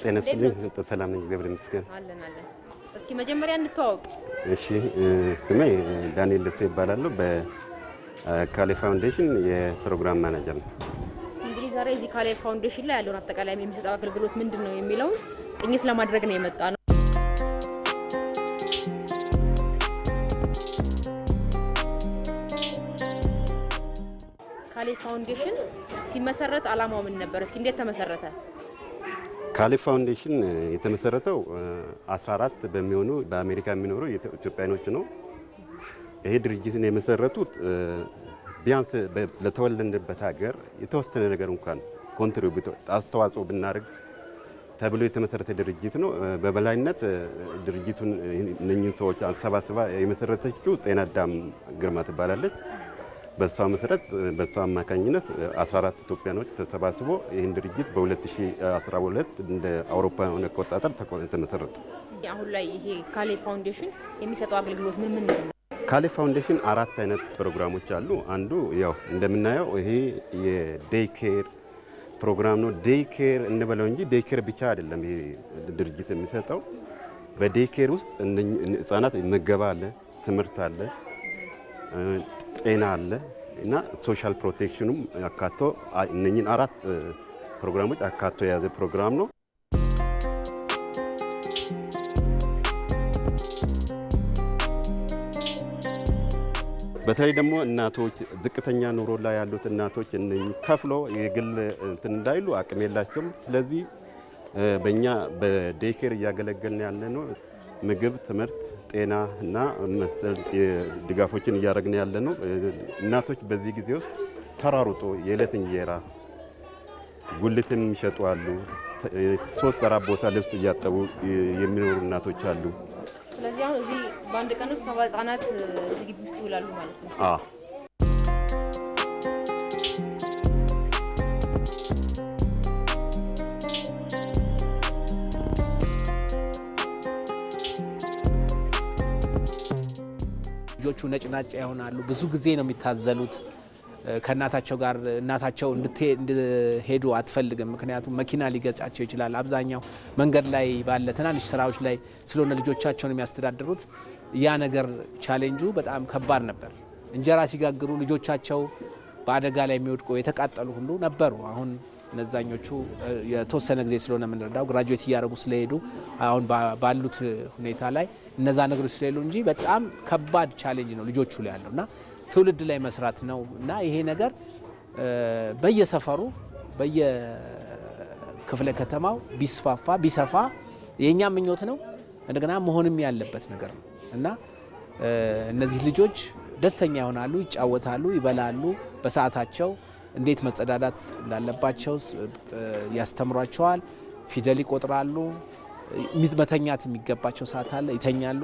ጤና ይስጥልኝ። ሰላም ነኝ፣ እግዚአብሔር ይመስገን። እስኪ መጀመሪያ እንተዋወቅ። እሺ፣ ስሜ ዳንኤል ደሴ ይባላለሁ። በካሌ ፋውንዴሽን የፕሮግራም ማናጀር ነው። እንግዲህ ዛሬ እዚህ ካሌ ፋውንዴሽን ላይ ያለውን አጠቃላይ የሚሰጠው አገልግሎት ምንድን ነው የሚለውን ቅኝት ለማድረግ ነው የመጣ ነው። ካሌ ፋውንዴሽን ሲመሰረት አላማው ምን ነበር? እስኪ እንዴት ተመሰረተ? ካሊብ ፋውንዴሽን የተመሰረተው 14 በሚሆኑ በአሜሪካ የሚኖሩ ኢትዮጵያኖች ነው። ይሄ ድርጅትን የመሰረቱት ቢያንስ ለተወለድንበት ሀገር የተወሰነ ነገር እንኳን ኮንትሪቢዩት አስተዋጽኦ ብናደርግ ተብሎ የተመሰረተ ድርጅት ነው። በበላይነት ድርጅቱን እነኝን ሰዎች አሰባስባ የመሰረተችው ጤና አዳም ግርማ ትባላለች። በሷ መሰረት በሷ አማካኝነት 14 ኢትዮጵያኖች ተሰባስቦ ይህን ድርጅት በ2012 እንደ አውሮፓውያን አቆጣጠር ተመሰረተ። አሁን ላይ ይሄ ካሌ ፋውንዴሽን የሚሰጠው አገልግሎት ምን ምን ነው? ካሌ ፋውንዴሽን አራት አይነት ፕሮግራሞች አሉ። አንዱ ያው እንደምናየው ይሄ የዴይ ኬር ፕሮግራም ነው። ዴይ ኬር እንበለው እንጂ ዴይ ኬር ብቻ አይደለም ይሄ ድርጅት የሚሰጠው። በዴይ ኬር ውስጥ ህጻናት ምገባ አለ፣ ትምህርት አለ ጤና አለ እና ሶሻል ፕሮቴክሽኑም አካቶ እነኝን አራት ፕሮግራሞች አካቶ የያዘ ፕሮግራም ነው። በተለይ ደግሞ እናቶች ዝቅተኛ ኑሮ ላይ ያሉት እናቶች እነኝህ ከፍሎ የግል እንትን እንዳይሉ አቅም የላቸውም። ስለዚህ በእኛ በዴኬር እያገለገልን ያለ ነው ምግብ፣ ትምህርት፣ ጤና እና መሰል ድጋፎችን እያደረግን ያለ ነው። እናቶች በዚህ ጊዜ ውስጥ ተራሩጦ የዕለት እንጀራ ጉልትም ይሸጡ አሉ። ሶስት አራት ቦታ ልብስ እያጠቡ የሚኖሩ እናቶች አሉ። ስለዚህ አሁን እዚህ በአንድ ቀን ውስጥ ሰባ ህጻናት ግቢ ውስጥ ይውላሉ ማለት ነው። ልጆቹ ነጭ ናጫ ይሆናሉ። ብዙ ጊዜ ነው የሚታዘሉት። ከእናታቸው ጋር እናታቸው እንድሄዱ አትፈልግም። ምክንያቱም መኪና ሊገጫቸው ይችላል። አብዛኛው መንገድ ላይ ባለ ትናንሽ ስራዎች ላይ ስለሆነ ልጆቻቸውን የሚያስተዳድሩት ያ ነገር ቻሌንጁ በጣም ከባድ ነበር። እንጀራ ሲጋግሩ ልጆቻቸው በአደጋ ላይ የሚወድቁ የተቃጠሉ ሁሉ ነበሩ። አሁን እነዛኞቹ የተወሰነ ጊዜ ስለሆነ የምንረዳው ግራጁዌት እያደረጉ ስለሄዱ አሁን ባሉት ሁኔታ ላይ እነዛ ነገሮች ስለሌሉ እንጂ በጣም ከባድ ቻሌንጅ ነው ልጆቹ ላይ ያለው እና ትውልድ ላይ መስራት ነው እና ይሄ ነገር በየሰፈሩ በየክፍለ ከተማው ቢስፋፋ ቢሰፋ የእኛ ምኞት ነው። እንደገና መሆንም ያለበት ነገር ነው እና እነዚህ ልጆች ደስተኛ ይሆናሉ፣ ይጫወታሉ፣ ይበላሉ። በሰዓታቸው እንዴት መጸዳዳት እንዳለባቸው ያስተምሯቸዋል። ፊደል ይቆጥራሉ። መተኛት የሚገባቸው ሰዓት አለ፣ ይተኛሉ።